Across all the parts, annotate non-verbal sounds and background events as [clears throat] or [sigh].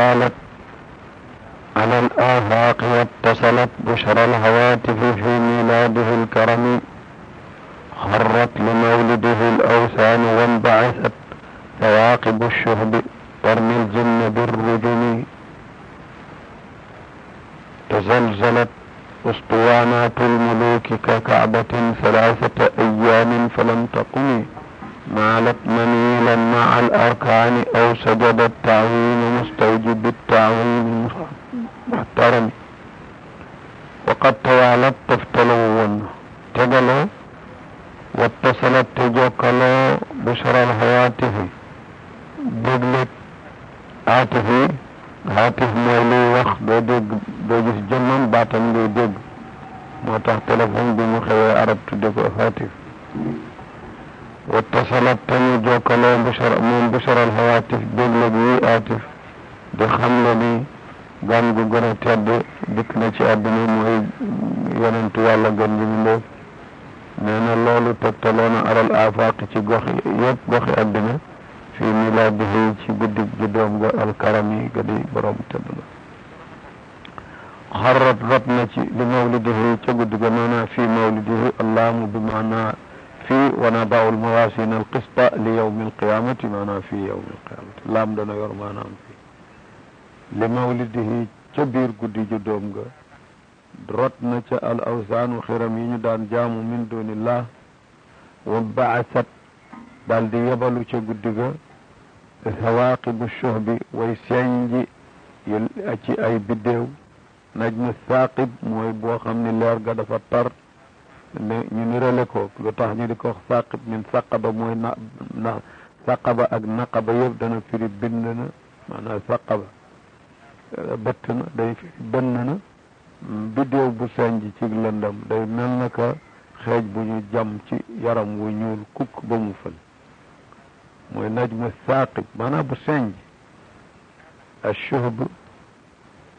قالت على الآفاق واتصلت بشرى الهواتف في ميلاده الكرم خرت لمولده الأوثان وانبعثت ثواقب الشهب ترمي الجن بالرجم تزلزلت اسطوانات الملوك ككعبة ثلاثة أيام فلم تقم مالت منيلا مع الأركان أو سجد التعويل مستوجب التعويل محترم وقد توالت تفتلو تجلو واتصلت تجوكلو بشرى الهواتف دجلت هاتفي هاتف مولي وخ دو دگ جنن جس جمم باتن دو دگ ما تحت تلفون بمخوى عرب تدق هاتف wattasalat tañu jokkaloo bushara moom busharal hawaatif déglu bi aatif di xam ni gan gu gën a tedd dikk na ci àdduna mooy yonentu yàlla gën ji mu ndéef nee na loolu tegtaloo na alal afaaq ci gox yëpp goxi àdduna fi milaadihi ci guddig juddoom ga alkarami ga di borom tedd la xarrat rot na ci li mawlidihi ca guddi ga nee fi mawlidihi allaamu bi maanaa fii wanaadaa'u l-mawaazin al-qista li yawmi l-qiyaamati maanaam fii yawmi l-qiyaamati laam dana yor maanaam fii li mawlidihi ca biir guddi ju doom nga rot na ca al awsaanu xiram yi ñu daan jaamu min duunillah wa baasat daal di yebalu ca guddi ga sawaaqibu shuhbi way senji yu ci ay biddéew najmu saaqib mooy boo xam ne leer ga dafa tar ne ñu nirale ko lu tax ñu di ko saqib min saqaba mooy na na saqaba ak naqaba yëpp dana firi bind na maanaam saqaba euh, bëtt na day firi bënn na biddéew bu senj ci lëndam day mel na ka xeej bu ñu jam ci yaram wu ñuul kukk ba mu fël mooy najmu saqib maanaam bu senj ashuhb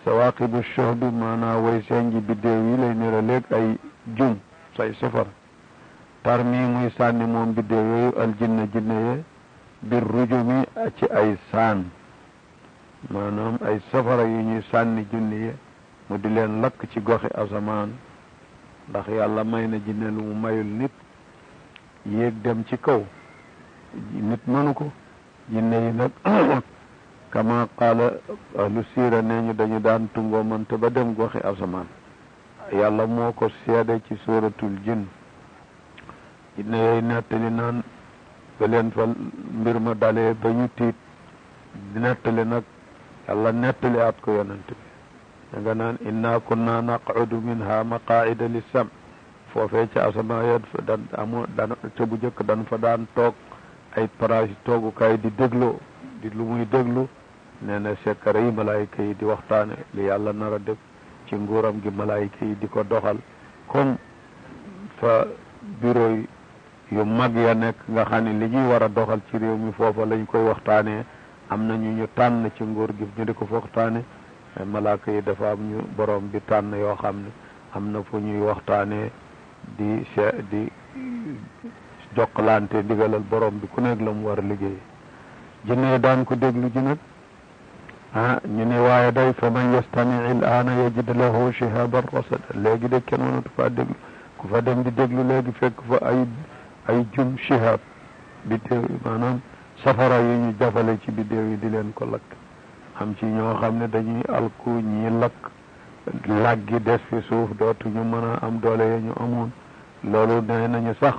sawaqibu shuhbi maanaam way senj biddéew yi lay niraleeg ay jum say safar parmi muy sanni moom bidde yooyu al jinna jinne ye bir rujumi ci ay saan maanaam ay safara yu ñuy sànni junni ye mu di leen lakk ci goxi asamaan ndax yàlla may na jinne lu mu mayul nit yéeg dem ci kaw nit mënu ko jinne yi nag [clears throat] kama qaala ahlu siira nee ñu dañu daan tungoo mënte ba dem goxi asamaan yàlla moo ko seede ci sóoratul jin jinne yooyu nettali naan ba fa mbir ma dalee ba tiit nettali nag yàlla nettali at ko yonent bi inna kunna naqudu minha maqaida li sam foofee ca asamaa ya dan ca bu jëkk dan fa daan toog ay paraas toogukaay di déglu di lu muy déglu nee na sekkare yi malaayika yi di waxtaane li yàlla nar a def ci nguuram gi malaay yi di ko doxal comme fa bureau yu mag ya nekk nga xam ne li ñuy war a doxal ci réew mi foofa lañ koy waxtaanee am na ñu ñu tànn ci nguur gi ñu di ko waxtaane malaaka yi dafa am ñu borom bi tànn yoo xam ne am na fu ñuy waxtaanee di se di jokkalante digalal borom bi ku nekk la mu war a liggéey jinne daan ko déglu ji nag ah ñu ne waaye day fa man yastami'i al-aana yajid lahu shihaban rasada léegi de kenn mënatu faa déglu ku fa dem di déglu léegi fekk fa ay ay jum shihab bi yi maanaam safara yi ñu jafale ci biddéew yi di leen ko lakk am ci ñoo xam ne dañuy alku ñii lakk laggi des fi suuf dootuñu mën a am doole ya ñu amoon loolu nee nañu sax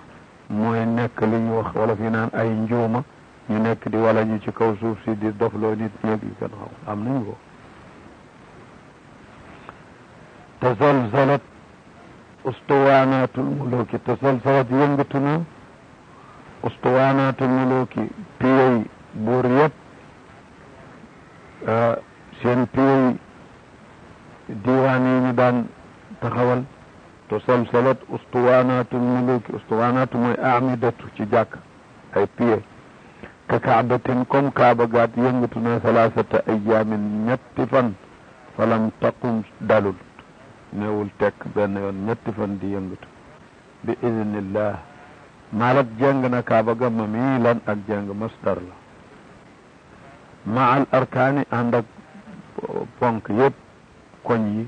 mooy nekk li ñu wax wala fi naan ay njuuma ñu nekk di wala ñu ci kaw suuf si di dofloo nit ñeeg yu kenn xamul am nañ ko tazalzalat ustuwaanaatul muluki tazalzalat yëngatu na ustuwaanaatul muluki piyoy buur yëpp ah, seen piyoy diwaan yi ñu daan taxawal tazalzalat ustuwaanaatul muluki ustuwaanaatu mooy amidatu ci jàkk ay piye ka kaabatin comme kaaba gaat yëngatu na salaasata ayaamin ñetti fan falam taqum dalul neewul tekk benn yoon ñetti fan di yëngatu bi idnillah maalak jàng na kaaba ga mamiilan ak jàng masdar la ma al arkaani ànd ak ponk yëpp koñ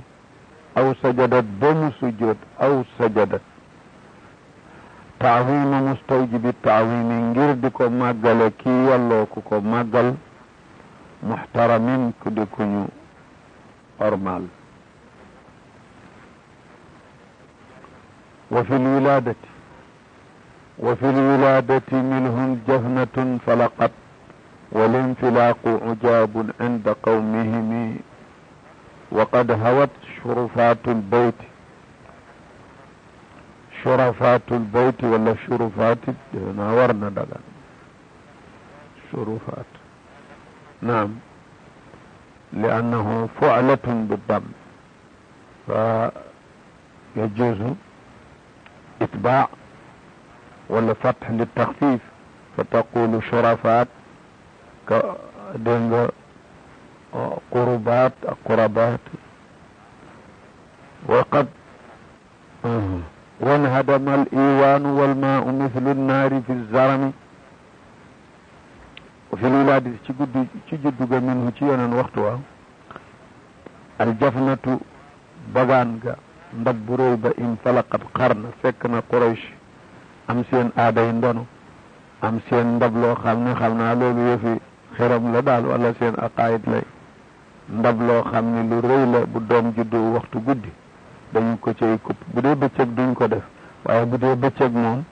aw sajadat ba sujjoot aw sajadat تعظيم مستوجب التعظيم جردكم مجلكي يلوككم مجل محترمين كدكنيو أرمال وفي الولادة وفي الولادة منهم جهنة فلقت والانفلاق عجاب عند قومهم وقد هوت شرفات البيت شرفات البيت ولا شرفات ناورنا دغا شرفات نعم لأنه فعلة بالضم فيجوز إتباع ولا فتح للتخفيف فتقول شرفات دنجا قربات قربات وقد وانهدم الإيوان والماء مثل النار في الزرم وفي الولادة تجدد منه تيانا وقتها aljafnatu bagaan ga ndab bu réy ba in falaqat xar na fekk na quraysh am seen aaday ndono am seen ndab loo xam ne xam naa loolu yëfi xeram la daal wala seen aqaayit lay ndab loo xam ne lu rëy la bu doom juddu waxtu guddi dañu ko ci kupp bu dee bëccëg duñ ko def waaye bu dee bëccëg moom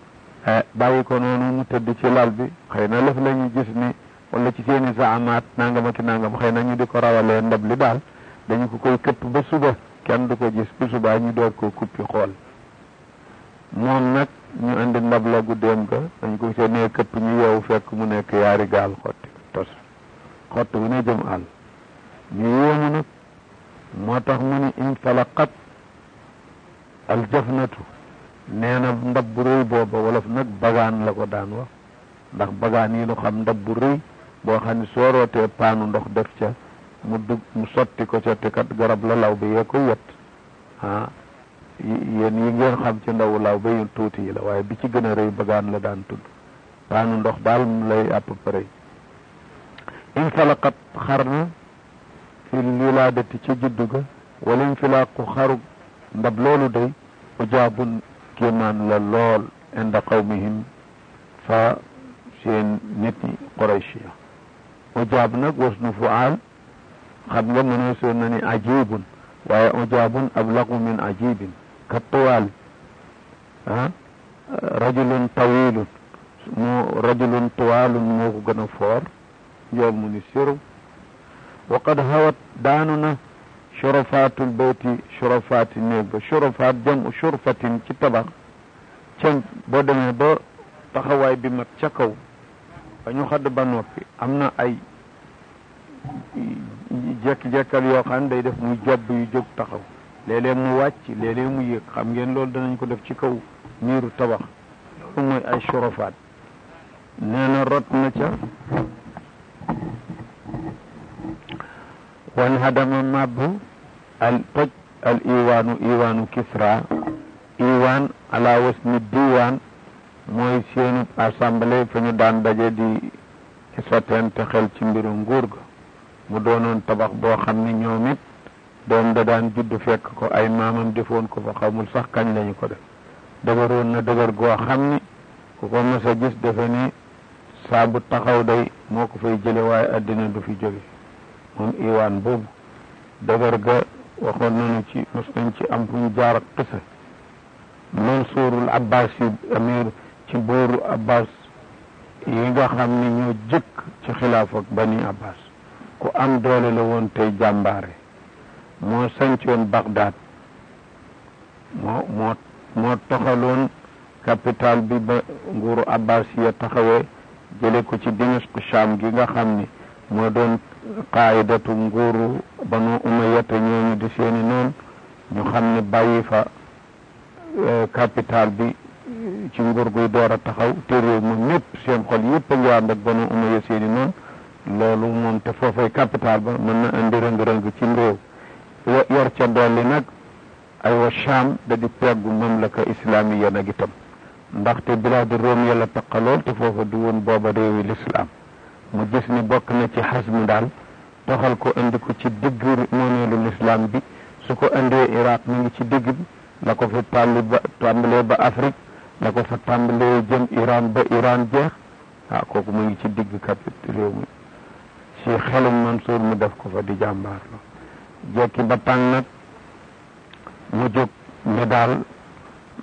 eh, bàyyi ko noonu mu tëdd ci lal bi xëy na lëf la gis ni wala ci seeni zaamaat nangam ak nangam xëy na ñu di ko rawalee ndab li daal dañu ko koy këpp ba suba kenn du ko gis bu subaa ñu door ko kuppi xool moom nag ñu indi ndab la guddeem ga dañ ko see nee këpp ñu yeewu fekk mu nekk yaari gaal xotti tos xott bu ne jëm àll ñu yéemu nag moo tax mu ni intalaqat aljafnatu nee na ndab bu rëy booba wolof nag bagaan la ko daan wax ndax bagaan yi nu xam ndab bu rëy boo xam ne soo rootee paanu ndox def ca mu dugg mu sotti ko ca te kat garab la law bi yee ko wet ah yéen yi ngeen xam ci ndawu law ba yu tuuti yi la waaye bi ci gën a rëy bagaan la daan tudd paanu ndox daal mu lay à peu près infalaqat xar na fi lilaadati ca juddu ga wala infilaqu xarug ndab loolu day ujaabun kéemaan la lool inda qawmihim fa seen nit ñi qurayshia ujaab nag wasnu fuaal xam nga mënoo seen na ni ajibun waaye ujaabun ablagu min ajibin ka tuwaal ah rajulun tawilun mu rajulun gën a foor njool ni siru wa hawat daanu shurafaatul bayti shurafaati néeg ba shurafaat jamu shurfatin ci tabax ca boo demee ba taxawaay bi mat ca kaw ba ñu xadd ba noppi am na ay jekki-jekkal yoo xam ne day def mu jobb yu jóg taxaw léeg mu wàcc léeg mu yéeg xam ngeen loolu danañ ko def ci kaw miiru tabax loolu mooy ay shurafaat nee na rot na ca walhadama mabbu al toj al iwaanu iwaanu kisra iwaan ala wasni diwaan mooy seenu assemblée fi ñu daan daje di sotteente xel ci mbiru nguur ga mu doonoon tabax boo xam ni ñoom it doom da daan judd fekk ko ay maamam defoon ko fa xamul sax kañ lañu ko def dëgëroon na dëgër goo xam ni ku ko mës defe ni saa bu taxaw day moo ko fay jële waaye àddina du fi jóge moom iwaan boobu dëgër ga waxoon nañu ci mos ci am fu ñu jaar ak xisa Mansuurul Abbas yi amir ci booru Abbas yi nga xam ne ñoo jëkk ci xilaaf ak bani Abbas ku am doole la woon tey jàmbaare moo sancoon Bagdad moo moo toxaloon capital bi ba nguuru Abbas ya taxawee jële ko ci Dimashq Sham gi nga xam ni moo doon qaidatu nguuru banu umayata ñooñu di seeni noon ñu xam ne bàyyi fa e, capital bi ci nguur guy door a taxaw te réew ma ñëpp seen xol yëpp a ngi ànd ak banu umaya seeni noon loolu moom te foofay capital ba mën na indi rëng-rëng ci réew yor ca dolli nag ay wa Cham da di peggu mamlaka islamiya nag itam ndaxte bilaadu Room yàlla taqalool te foofa du woon booba réewi lislaam mu gis ni bokk na ci xasmu daal doxal ko indi ko ci digg moomeelu lislaam bi su ko indee iraq mu ngi ci digg bi la ko fa tàmli ba tàmbalee ba afrique la ko fa tàmbalee jëm iran ba iran jeex waaw kooku mu ngi ci digg kapit réew mi ci xelum Mansour mu def ko fa di jàmbaar la jekki ba tàng nag mu jóg ne daal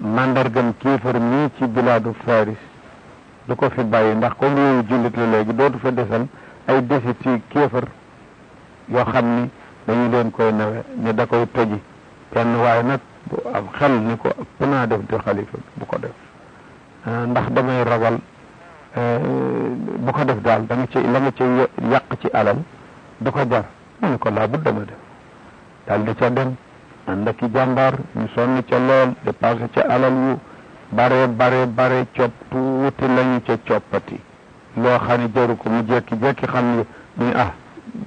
mandargam kéefar mii ci bilaadu faris du ko fi bàyyi ndax comme réewu jullit la léegi dootu fa desal ay desit ci kéefar yoo xam ni dañu leen koy nawe ni da koy toji kenn waaye nag bu am xel ni ko ëpp naa def di xalifa bu ko def eh, ndax damay ragal eh, bu ko def daal da ci la nga ci yàq ci alal da ko jar mu ne ko laa bu dama def daal di ca dem ànd ak i ñu sonn ca lool dépassé ca alal yu bare bare bare copp tuuti lañu ca coppati loo xam ne jaru ko mu jekki-jekki xam ne duñu ah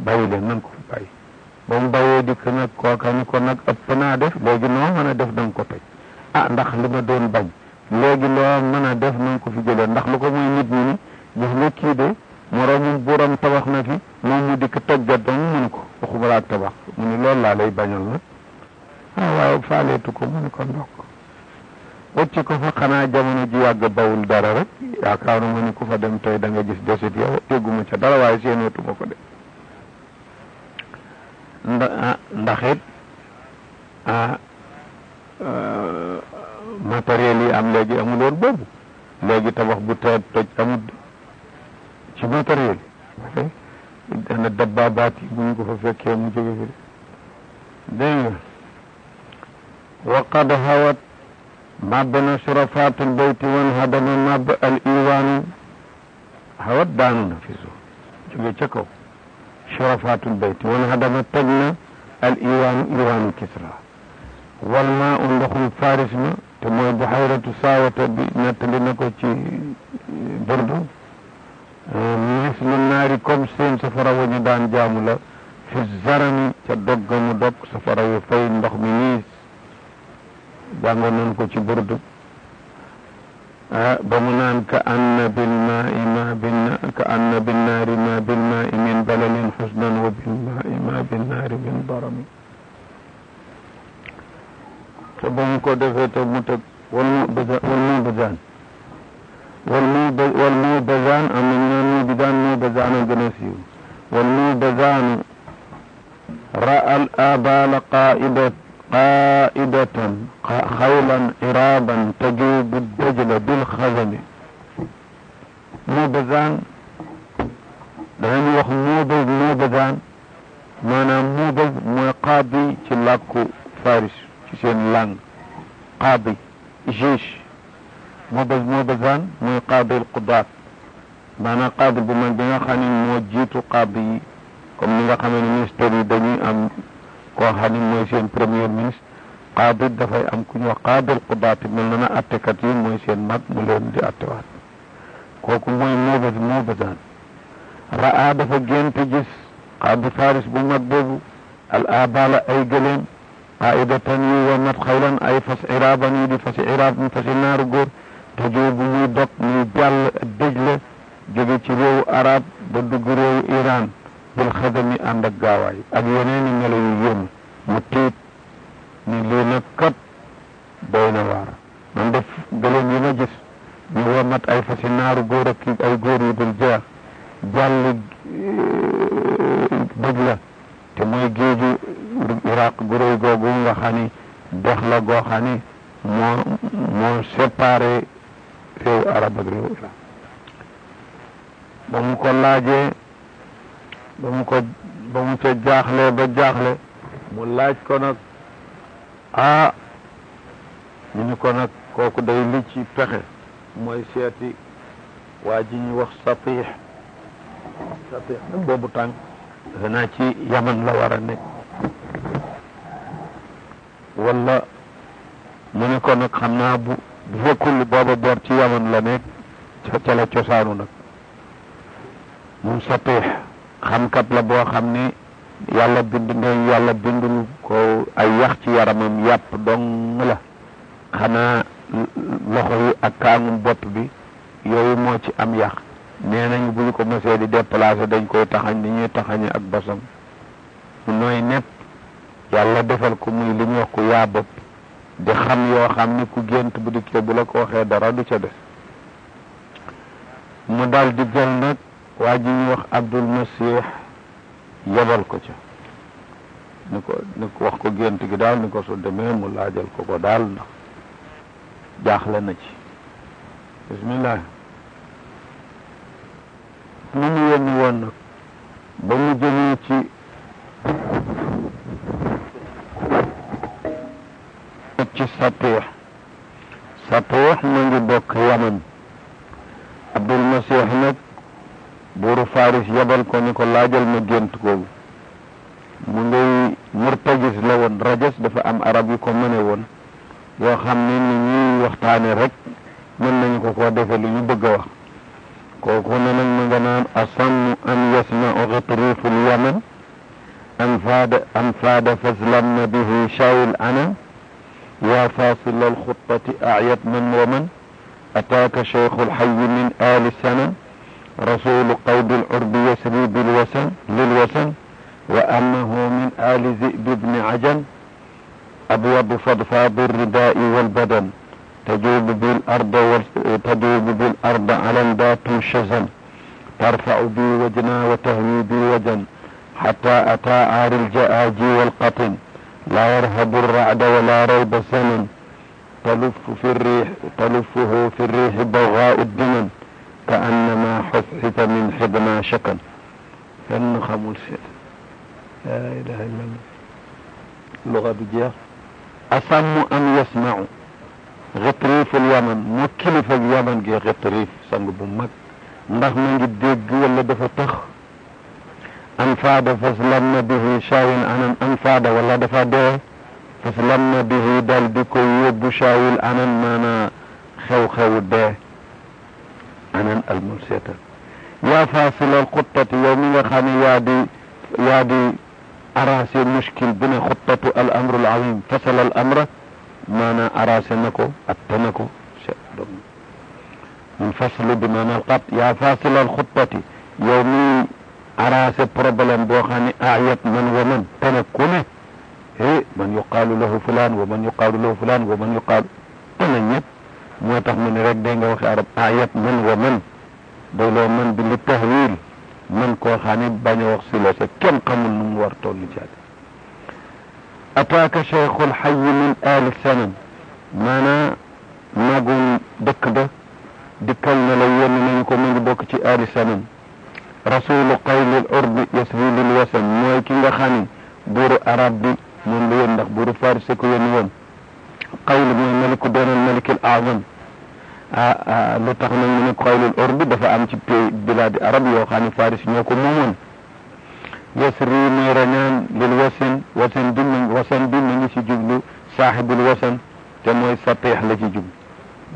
bàyyi leen nan ko fi bàyyi ba mu bàyyee dikk nag kooka ko nag ëpp naa def léegi noo mën a def danga ko toj ah, ndax li ma doon léegi loo mën a def nanga ko fi jëlee ndax lu ko muy nit ñi ni gis nga kii de moroomum buuram tabax na fi moom mu dikk toj ga dong mënu ko waxuma laa tabax mu ni loolu laa lay bañal nag ah waaye faaleetu ko mu ni ko ndokk wacci ko fa xanaa jamono ji yàgg bawul dara rek yaakaaruma ni ku fa dem tey da nga gis desit yow dégguma ca dara waaye seeneetuma ko de ah, ndax it ah euh, matériel yi am léegi amuloon boobu tabax bu teet toj amul ci matériel yi dana bu ñu ko fa fekkee mu jóge fi dégg nga waqad hawat بعضنا شرفات البيت وانهدم النبأ الإيواني هودع ننفذه يتشكو شرفات البيت وانهدم التجنة الإيوان إيوان كسرى والماء لكم فارس ما تمو بحيرة ساوة نتلنكو تشي بردو مثل النار كم سين سفر وجدان جاملة في الزرم تدقم مدق سفر وفين ضخم jàngoon nañ ko ci burdu ah, ba mu naan ka anna bil maai ma bin ka anna bin naari ma bil maai min balalin xusnan wa bil maai ma bin naari min barami te ba mu ko defee te mu tëg dem di attewaat kooku mooy mooba moobasaan ra'a dafa génte gis xaabu faaris bu mag boobu al abala ay gëleem qaidatan yu wanat xaylan ay fas iraaban yu di fasi iraab mu fasi naaru góor tajoo bu muy dog muy jàll dëj la jóge ci réewu ba dugg réewu iran bil xadami ànd ak gaawaay ak yeneen i yu mu tiit ni lii nag kat na waar man def gëleem yi ma gis ñu womat ay fasi naaru góor ak ay góor yu dul jeex jàll eh, dëj la te mooy géeju iraq guréy googu nga xam ni dex la goo xam ni moo moo séparé réew arab ak ba mu ko laajee ba mu ko ba mu ca jaaxle ba jaaxle mu laaj ko nag ah ñu ni ko nag kooku day li ci pexe mooy seeti waa ji ñuy wax Satih Satih nag boobu tànk defe ci yaman la war a nekk wala mu ne ko nag xam naa bu bu fekkul booba boor ci yaman la nekk ca la cosaanu nag moom Satih xamkat la boo xam ni yàlla bind yàlla bindul ko ay yax ci yaramam yàpp dong la xanaa loxo yi ak kaangum bopp bi yooyu moo ci am yax nee nañ bu ñu ko mosee di déplacer dañ koy taxañ ni ñuy taxañe ak basam mu nooy nepp yàlla defal ko muy li ñuy wax ko yaa bopp di xam yoo xam ni ku gént bu dikkee bu la ko waxee dara du ca des mu dal di jël nag waa ji ñu wax Abdul Masih yebal ko ca ni ko ni ko wax ko gént gi daal ni ko su demee mu laajal ko ko daal ndax jaaxle na ci bismillah mu ñu yónni woon nag ba mu jëmee ci ci Satuux Satuux mu ngi bokk Yaman Abdul Masiix nag buuru Faris yabal ko ni ko laajal ma gént koobu mu ngay murtagis la woon rajas dafa am arab yu ko mëne woon yoo xam ne ni ñi waxtaane rek mën nañ ko ko defe li ñu bëgg wax kooku ne nag mu nga naan asamm an yasmau xitruuful yaman an fad an fad fazlan bihi shaul ana يا فاصل الخطة أعيت من ومن أتاك شيخ الحي من آل السنة رسول قود العرب يسري بالوسن للوسن وأنه من آل ذئب بن عجل أبواب فضفاض الرداء والبدن تجوب به الأرض بالأرض به الأرض شزن ترفع بي وجنا وتهوي بي وجن حتى أتى عار الجآج والقطن لا يرهب الرعد ولا ريب سنن تلف في الريح تلفه في الريح بغاء الدمن كأنما حفحف من حدما شكن فن خمول لا إله إلا الله لغة بجاه أصم أم يسمعوا غطريف اليمن مكلف اليمن جي غطريف سانغ بو مك ندخ ما نجي دغ ولا دفا تخ انفاد فسلمنا به شاول انا انفاد ولا دفا دو فسلمنا به دال بكو يوب شاول انا ما انا خو خو ده انا الملسيتا يا فاصل القطة يوم يخاني يادي يادي أراسي المشكل بنا خطة الأمر العظيم فصل الأمر maana arase na ko atte na ko mun faslu bi maana alqat ya fasil xutbati yow mi arase problème boo xam ayat man wa man tene ku ne he man yuqalu lahu fulan wa man yuqalu lahu fulan wa man yuqalu tene ñëpp moo tax mu ne rek day nga arab ayat man wa man day loo man bi li tahwil man koo xam ne bañ a wax si xamul nu war toll ataaka cheikhul xayi min aali sanan maanaa magum dëkk ba dikkal na la yónni nañ ko mu ngi bokk ci aali sanan rasulu qaylil urbi yasri lil wasan mooy ki nga xam ne buuru arab bi moom la yónni ndax buuru farisi ko yónni woon qayl mooy maliku doonal malikil azam lu tax nag mu ne qaylil urbi dafa am ci pays bilaadi arab yoo xam faris ñoo ko moomoon وسري ميرنان للوسن وسن دم وسن دم نسي جبلو صاحب الوسن تموي سطيح لكي جب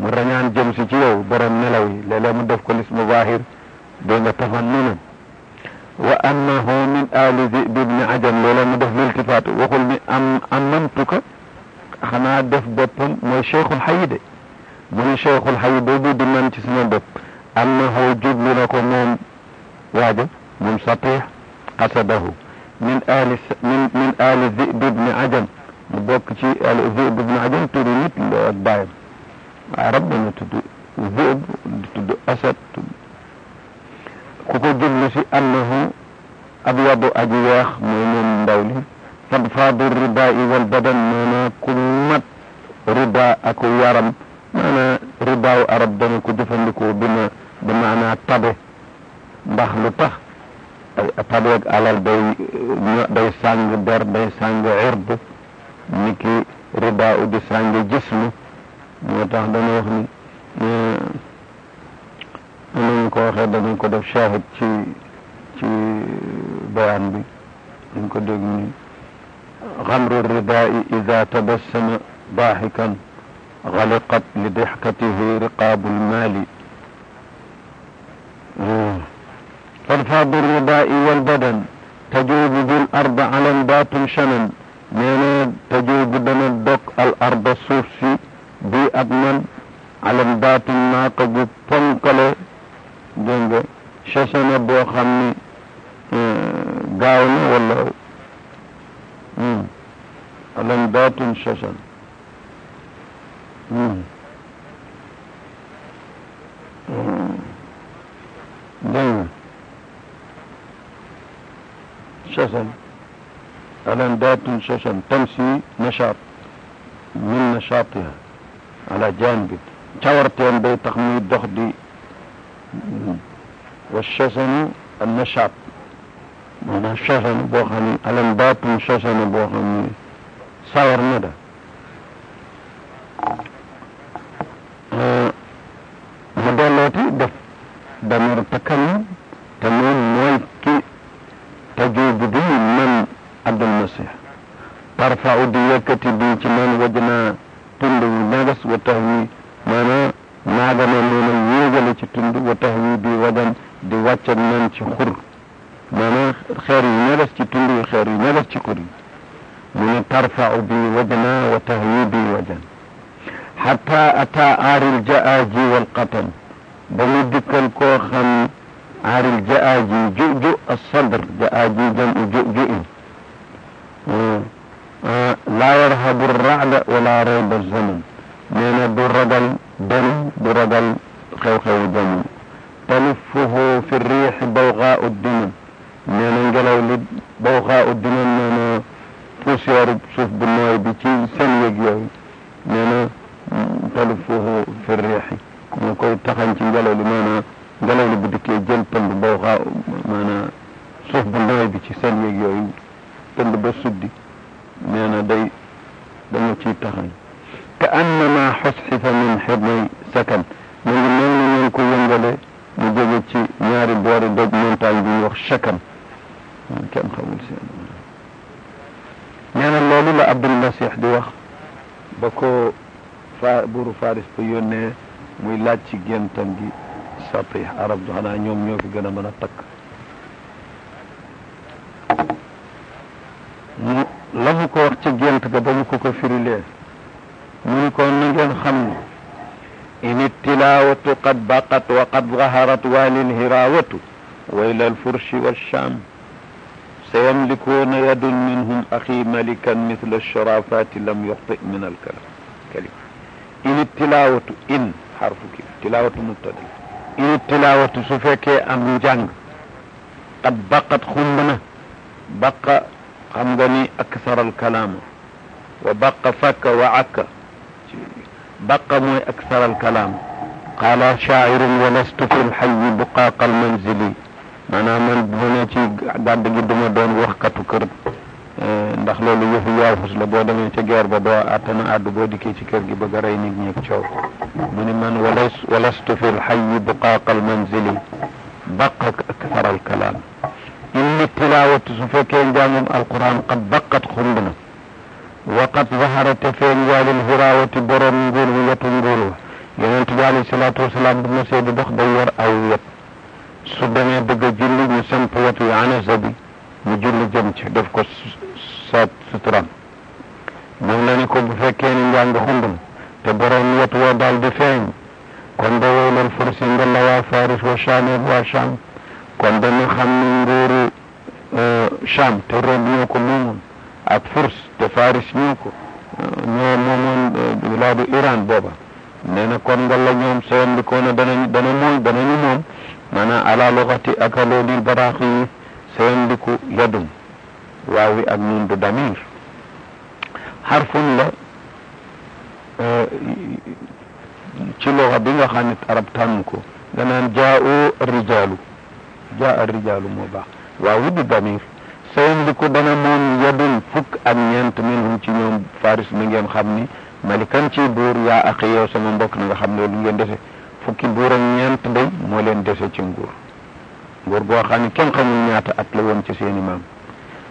مرنان جمسي جيو برم نلوي للا مدف كل اسم ظاهر دون تفننا وأنه من آل ذئب بن عجم للا مدف الالتفات وقل أم أمنتك خنا دف بطن مو شيخ الحيدي من شيخ الحيدي بي دمان تسنى بط أنه جبلو لكم من واجب من سطيح حسبه من آل من من آل ذئب بن عجم mu bokk ci al Zéb ibn Ajam turu nit la ak baayam arab dañu tudd Zéb di tudd Asad ku ko jublu si annahu abyadu aji weex mooy moom ndaw li fadfaadu ridaai wal badan maanaa ku mat rida ak yaram maanaa ridaaw arab dañu ko jëfandikoo tabeeg alal day day sàng der day sàng urb ni ki riba u di sàng jismu moo tax dana wax ni eh, nañ ko waxee ko def shahid ci ci bayaan bi dañ ko dégg ni xamru ribai ida tabassama daaxikan xaliqat li dixkatihi riqaabu lmaali بعض الرداء والبدن تجوب ذي الأرض على باطن شنن نانا تجوب بن الدق الأرض السوسي دي أبنن على باطن ناقة جو تنقل جنجة شسنة بو خمي gaawna walla alan batun shasan شسن علامدات شسن تمشي نشاط من نشاطها على جانب تورتين بي تقميد دخدي والشسن النشاط معناها بوخاني بوخني علامدات شسن بوخاني صور ندى ترفع بي وجنا وتهوي بي وجن حتى أتى آر الجآجي والقطن بمدك الكوخم آر الجآجي جؤجؤ الصدر جآج جمع جؤجؤ آه، لا يرهب الرعد ولا ريب الزمن من برد الدم برد الخوخو دم تلفه في الريح بوغاء الدم من انجلو بوغاء الدمن من poussière suuf bu nooy bi ci seen yëg yooyu nee na mm, talufuhu fi riixi koy taxañ ci ngelaw li maanaam ngelaw li bu dikkee jël pënd boo xaa maanaam suuf bu nooy bi ci seen yëg yooyu pënd ba suddi nee na day dama ci taxañ ka annama xusxifa min xirnay sakan mu ngi mel ni ñu ko ci ñaari boori doj montagne bi ñu wax sakan kenn xamul seen abdul masih di wax ba ko fa buuru faris ba yónnee muy laaj ci géntam gi satih arab du xanaa ñoom ñoo fi gën a mën a takk la mu ko wax ca gént ga ba mu ko ko firilee mu ni ko na ngeen xam ne in tilaawatu qad baqat wa qad zaharat walil hirawatu waylal furshi wa sham سيملكون يد منهم أخي ملكا مثل الشرافات لم يخطئ من الكلام كلمة إن التلاوة إن حرف كلمة تلاوة مبتدا إن التلاوة سفك أم جنگ قد بقت خمنا بقى خمغني أكثر الكلام وبقى فك وعك بقى موي أكثر الكلام قال شاعر ولست في الحي بقاق المنزل مناما ci gàdd gi duma doon waxkatu kër eh, ndax loolu yëfu yaafus la boo demee ca guerre ba doo attana àddu boo dikkee ci kër gi bëgg a rey nit ñeeg coow mu ni man walas walastu fi lxayi buqaaqal manzili baqak akthar al kalaam inni tilaawatu su fekkee njàngum alquran qad baqat xumb na wa qad zahara te feeñ waalil hiraawati borom nguur wi wetu nguur wa yonent bi alayhi salaatu wasalaam bu mosee di dox day yor aw wet su demee bëgg a julli ñu samp wetu anasa bi mu julli jëm ci def ko saat suturam moom ko bu fekkee ni njàng xundum te borom wet woo daal defe feeñ kon da woy leen fursi ngalla waa faris wa chameeb waa cham kon dañu xam ni nguuru cham euh, te room ñoo moomoon ak furs te faris ñoo ko euh, moomoon wilaadu euh, iran booba nee na kon ngalla ñoom seen bi ko dana mooy dana ala lughati akaloli lbaraqi sayandiku yadum waaw ak ñun du damir xarfun la euh, ci lugha bi nga xam ne arab tànn ko danaan jaa u rijaalu jaa rijaalu moo baax waaw wi du damir sayandiku dana moom yadun fukk ak ñeent minhum ci ñoom faris mi ngeen xam ni malikan ci buur yaa ak yow sama mbokk na nga xam ne lu ngeen dese fukki buur ak ñeent day moo leen dese ci nguur buur boo xam ne kenn xamul ñaata at la woon ci seeni maam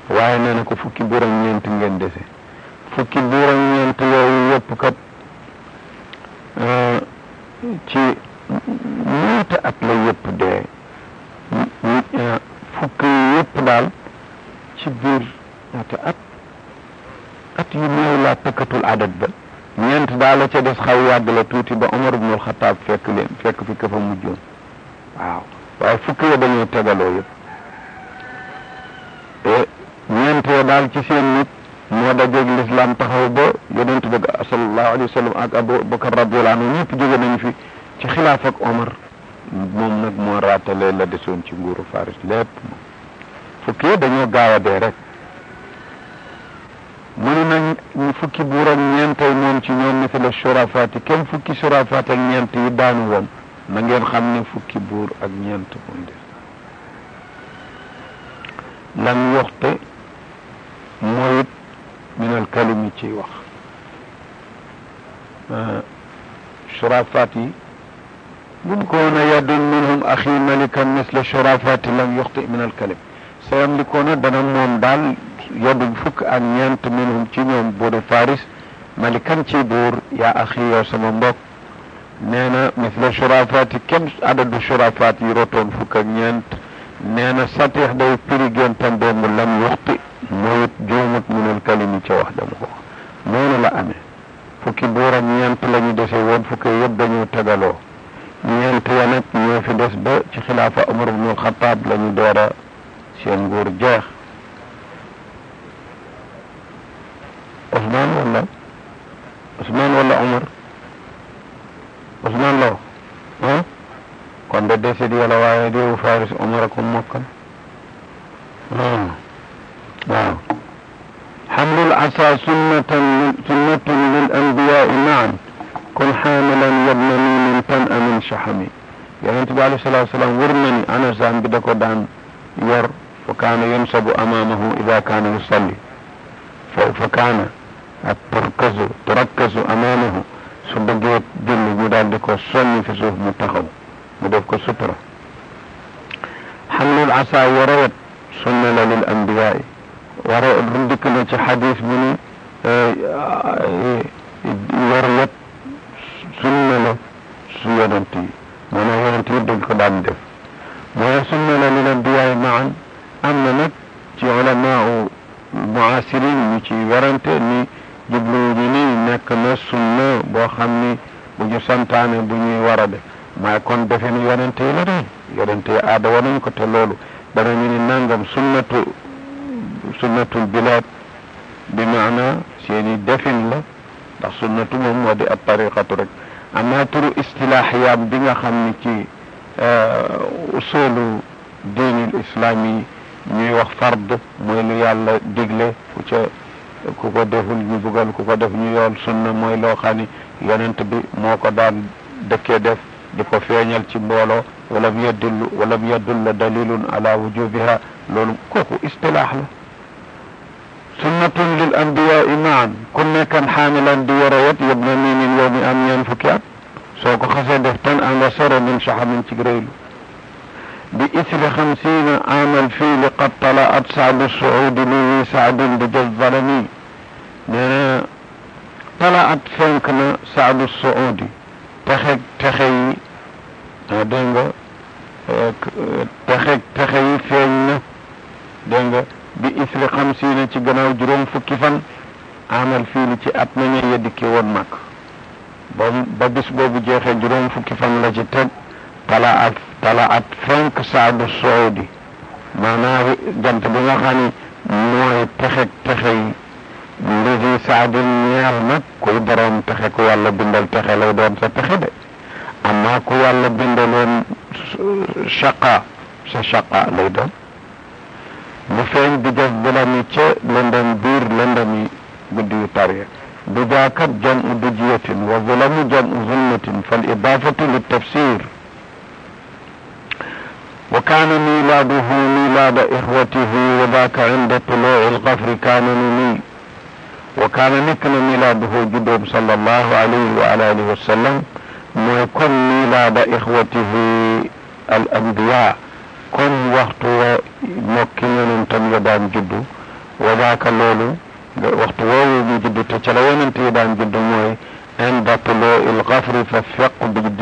waaye nee na ko fukki buur ak ñeent ngeen dese fukki buur ñeent yooyu yëpp kat euh, ci ñaata at la yëpp dee euh, fukki yëpp daal ci biir ñaata at at yu néew laa tëkkatul adat ba ñeent daal la ca des xaw yàgg la tuuti ba Omar ibnul Xataab fekk leen fekk fi ka fa mujjoon waaw waaye fukk ya dañoo tegaloo yëpp te ñeent daal ci seen nit moo dajeeg lislaam taxaw ba yonent bëgg sallallahu alayhi wa sallam ak Abu Bakar radiyallahu anhu ñëpp jóge nañu fi ci xilaaf ak Omar moom nag moo raatale la desoon ci nguuru Faris lépp fukki ya dañoo gaaw dee rek mënu nañ ñu fukki buur ak ñeentay moom ci ñoo misala surafaat yi kenn fukki surafaat ak ñeent yi daanu woon na ngeen xam ne fukki buur ak ñeent mooy def lan waxte mooy minal kalimi wax euh, shurafaat yi buñ koona yaddun minhum axi malikan misle shurafaati lam yoxti min al kalim sayam dana moom daal yaddun fukk ak ñeent minhum ci ñoom buuru faris malikan ci buur yaa axi yow sama mbokk nee na misla shurafaat yi kem adadu shurafaat yi rotoon fukk ak ñeent nee na satix day firi géntam démb lam waxti mooyut joomut mu nel kalimi ca wax dama ko noonu la amee fukki buur ak ñeent la ñu dese woon fukki yëpp dañoo tegaloo ñeent ya nag ñoo fi des ba ci xilaafa Umar ibnul Xattaab la ñu door seen nguur jeex Usmaan wala Usmaan wala Umar عثمان لو ها كون بدي سيدي ولا وايدي وفارس أمركم مكة نعم حمل العصا سنة سنة للأنبياء نعم كن حاملا يبنني من تنأ من شحمي يعني تبع عليه الصلاة والسلام ورمني أنا زان بدك ودان ير وكان ينصب أمامه إذا كان يصلي فكان تركز تركز أمامه su bëggee julli ñu daal di ko soññi fi suuf mu taxaw mu def ko sutura xamlul asa wa rawat sunna la lil ambiyaa yi wa rawat bu ci xadis bi ni yor eh, eh, yet sunna la su yonent yi maanaam yonent yi ko daan def mooy sunna la lil ambiyaa maan am na nag ci ulamaa muasirin ci warante jublu bi nii nekk na sunna boo xam ni bu ñu santaane bu ñuy war a def mooy kon defe ni yonente yi la de yonente yi aada wanañ ko te loolu danañu ni nangam sunnatu sunnatul bilaad bi maana seeni defin la ndax sunnatu moom moo di ab tariqatu rek amaa turu istilaahiyaam bi nga xam ni ci eh, usulu diinul islaam ñuy wax fard mooy lu yàlla digle ku ko deful ñu bëggal ku ko def ñu yool sunna mooy loo xam ni yonent bi moo ko daan dëkkee def di ko feeñal ci mbooloo walam yadullu walam yadulla dalilun ala wujubiha loolu kooku istilaax la sunnatun lil anbiyai maan ku nekkan xaamilan di yore wet yëpp na nii min yow mi am ñeen fukki at soo ko xasee def tan anga sore min saxamin ci réylu بإثر خمسين عام الفيل قد طلعت سعد الصعود لي سعد الظلمي طلعت فنكنا سعد السعودي تخي تخي دنجا تخي تخي فينا دنجا بإثر خمسين تجنو جروم فكفن عمل فيل تأتمنى يدك ومك ba bis boobu jeexee juróom fukki طلعت طلعت فرنك صعب السعودي معنا جنت بنا خاني موي تخك تخي لذي سعد النيار نك كوي دران تخك والا بندل تخي لو دران تخي دي أما كوي والا بندل شقا شقا لو دران مفين بجاف بلاني چه لندن بير لندني بديو تاريا بجاكت جمع بجيتين وظلم جمع ظلمتين فالإضافة للتفسير وكان ميلاده ميلاد إخوته وذاك عند طلوع القفر كان نمي وكان مثل ميلاده جدوب صلى الله عليه وعلى آله وسلم يكون ميلاد إخوته الأنبياء كن وقت مكين تنيدان جدو وذاك لولو وقت وو جدو تشلوين تيدان جدو موي عند طلوع القفر ففق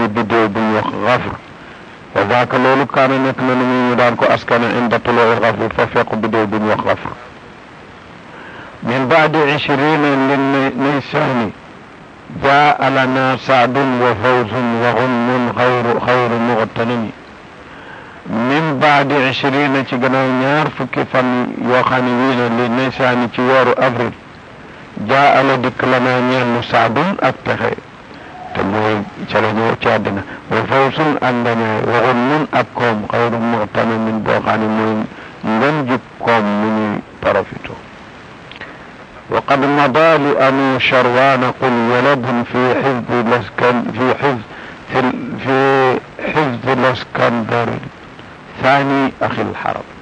بدو بنيخ ذاك لولو كان نتنا نمي دان كو أسكن عند طلوع الغفر ففيق بدو بن وخفر من بعد عشرين للنيسان جاء لنا سعد وفوز وغم غير خير مغتنم من بعد عشرين تجنا نار فكفا يوخانوين للنيسان تيور أفريل جاء لدك لنا نيان سعد أكتخي موي تشالنجو تشادنا وفوز عندنا وغنم أكم غير مغتنم من بوغان موي ننجبكم من طرفتو وقد مضى لأنو شروان قل ولد في حفظ الاسكن في حفظ في حفظ الاسكندر ثاني أخي الحرب